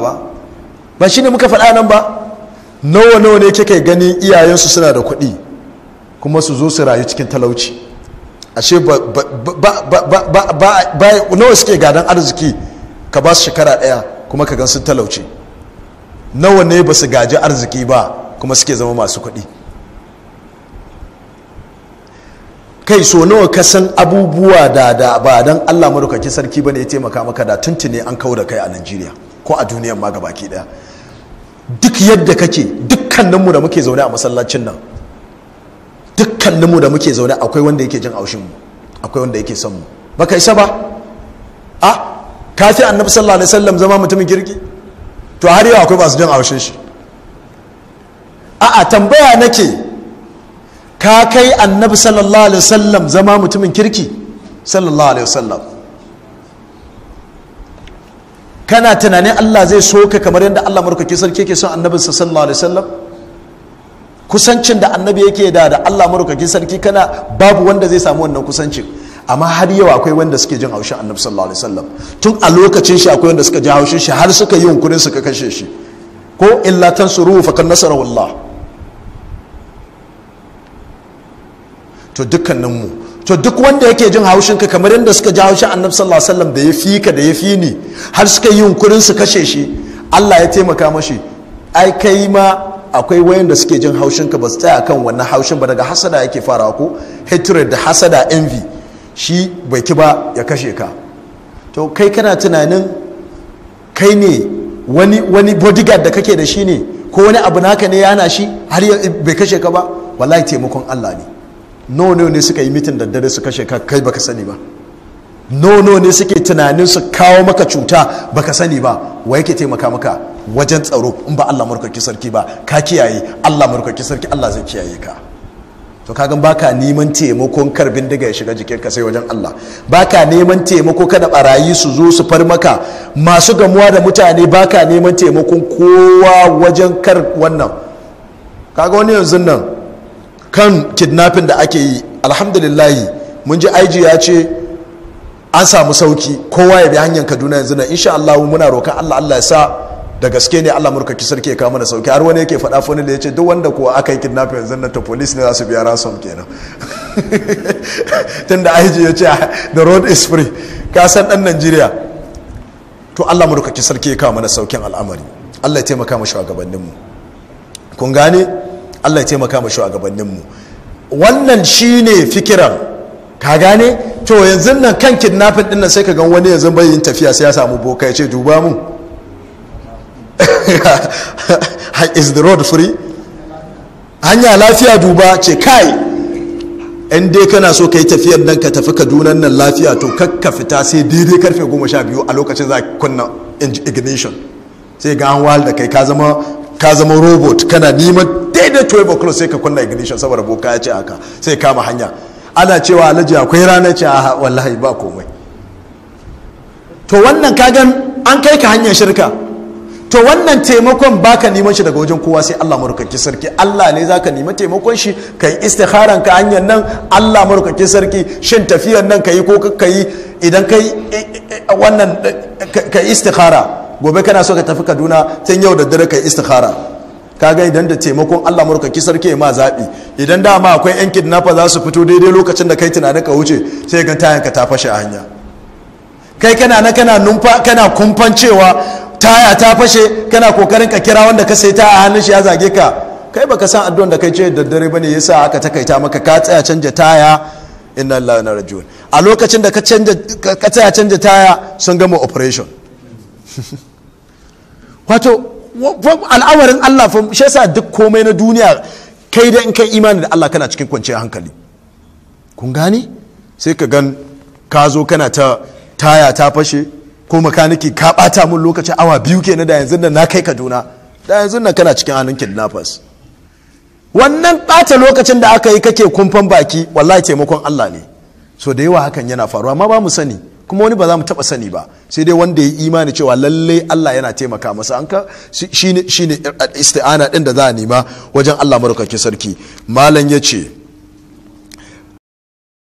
ba ba shine muka faɗa nan ba nawa nawa ne kika ganin iyayensu suna da kuɗi kuma su zo su rayu cikin talauci ashe ba nawa suke gadon arziki ka ba su shekara ɗaya kuma ka gan sun talauci nawa ne ba su gaji arziki ba kuma suke zama masu kuɗi kai so nawa ka san abubuwa da da ba dan Allah madaukakin sarki bane ya taimaka maka da tuntune an kawo da kai a Najeriya ko a duniyan ma gabaki daya duk yadda kake dukkaninmu da muke zaune a masallacin nan dukkaninmu da muke zaune akwai wanda yake jin aushin mu akwai wanda yake son mu baka isa ba a kafi annabi sallallahu alaihi wasallam zama mutumin kirki to har yau akwai basu jin aushin shi a a tambaya nake ka kai annabi sallallahu alaihi wasallam zama mutumin kirki sallallahu alaihi wasallam kana tunanin Allah zai so ka kamar yadda Allah murkaki sarki yake son annabin sa sallallahu alaihi wasallam kusancin da annabi yake da da Allah murkaki sarki kana babu wanda zai samu wannan kusancin amma har yau akwai wanda suke jin haushin annabi sallallahu alaihi wasallam tun a lokacin shi akwai wanda suka ji haushin shi har suka yi hunkurin suka kashe shi ko illa tansuru fa kan nasara wallah to dukkaninmu to duk wanda yake jin haushin ka kamar yadda suka ji haushin annabi sallallahu alaihi wasallam da ya fi ka da ya fi ni har suka yi yunkurin su kashe shi Allah ya taimaka mashi ai kai ma akwai wayanda suke jin haushin ka ba su tsaya kan wannan haushin ba daga hasada yake farawa ko hatred da hasada envy shi bai ki ba ya kashe ka to kai kana tunanin kai ne wani wani bodyguard da kake da shi ne ko wani abu naka ne yana shi har bai kashe ka ba wallahi taimakon Allah ne no ne suka yi mitin daddare su kashe ka kai baka sani ba no ne suke tunanin su kawo maka cuta baka sani ba wa yake taimaka maka wajen tsaro in ba Allah murkaki sarki ba ka kiyaye Allah murkaki sarki Allah zai kiyaye ka to kagan baka neman taimakon karbin daga ya shiga jikin ka sai wajen Allah baka neman taimako kada barayi su zo su far maka masu gamuwa da mutane baka neman taimakon kowa wajen kar wannan kaga wani yanzu nan kan kidnapping da ake yi alhamdulillahi mun ji IG ya ce an samu sauki kowa ya bi hanyar Kaduna yanzu na insha Allah muna roƙon Allah Allah ya sa da gaske ne Allah murka kisar ke kawo mana sauki har wani yake faɗa fani da ya ce duk wanda kuwa aka yi kidnapping yanzu na ta police ne za su biya ransom kenan tunda IG ya ce the road is free ka san dan Najeriya to Allah murka kisar ke kawo mana saukin al'amari Allah ya taimaka mu shugabanninmu kun gane Allah ya taimaka mu shugabannin mu wannan shine fikiran ka gane to yanzu nan kan kidnapping din nan sai ka gan wani yanzu bai yin tafiya sai ya samu boka ya ce duba mu is the road free hanya lafiya duba ce kai in dai kana so ka yi tafiyar nan ka tafi Kaduna nan lafiya to kakka fita sai daidai karfe goma a lokacin za kunna ignition sai ga an da kai ka zama robot kana neman daidai 12 o'clock sai ka kunna ignition saboda boka ya ce haka sai kama hanya ana cewa alhaji akwai ranar ce a wallahi ba komai to wannan kagan an kai ka hanyar shirka to wannan taimakon baka neman shi daga wajen kowa sai Allah murkaki sarki Allah ne zaka nema taimakon shi kai istikharan ka hanyar nan Allah murkaki sarki shin tafiyar nan kai ko yi idan kai wannan kai istikhara gobe kana so ka tafi Kaduna tun yau da dare kai istikhara Ka kaga idan da taimakon Allah kisar ke ma zaɓi idan dama akwai yan kidnapper za su fito daidai lokacin da kai tunanin ka wuce sai ga tayanka ta fashe a hanya kai kana na kana numfa kana kumfan cewa taya ta fashe kana kokarin ka kira wanda ka sai ta a hannun shi ya zage ka kai baka san addu'an da kai ce daddare bane yasa aka takaita maka ka tsaya canja taya inna lillahi na rajiun a lokacin da ka tsaya canja taya sun gama operation wato al'awarin Allah fa shi yasa duk komai na duniya kai da in kai imani da Allah kana cikin kwanciyar hankali kun gane sai ka gan ka zo kana ta taya ta fashe ko makaniki ka bata mun lokacin awa biyu kenan da yanzu nan na kai Kaduna da yanzu nan kana cikin hannun kidnappers wannan bata lokacin da aka yi kake kumfan baki wallahi taimakon Allah ne so da yawa hakan yana faruwa amma ba mu sani kuma wani ba za mu taba sani ba sai dai wanda ya imani cewa lalle Allah yana taimaka masa an ka shine shine eh, isti'ana din da za a nema wajen Allah madaukakin sarki malam ya ce.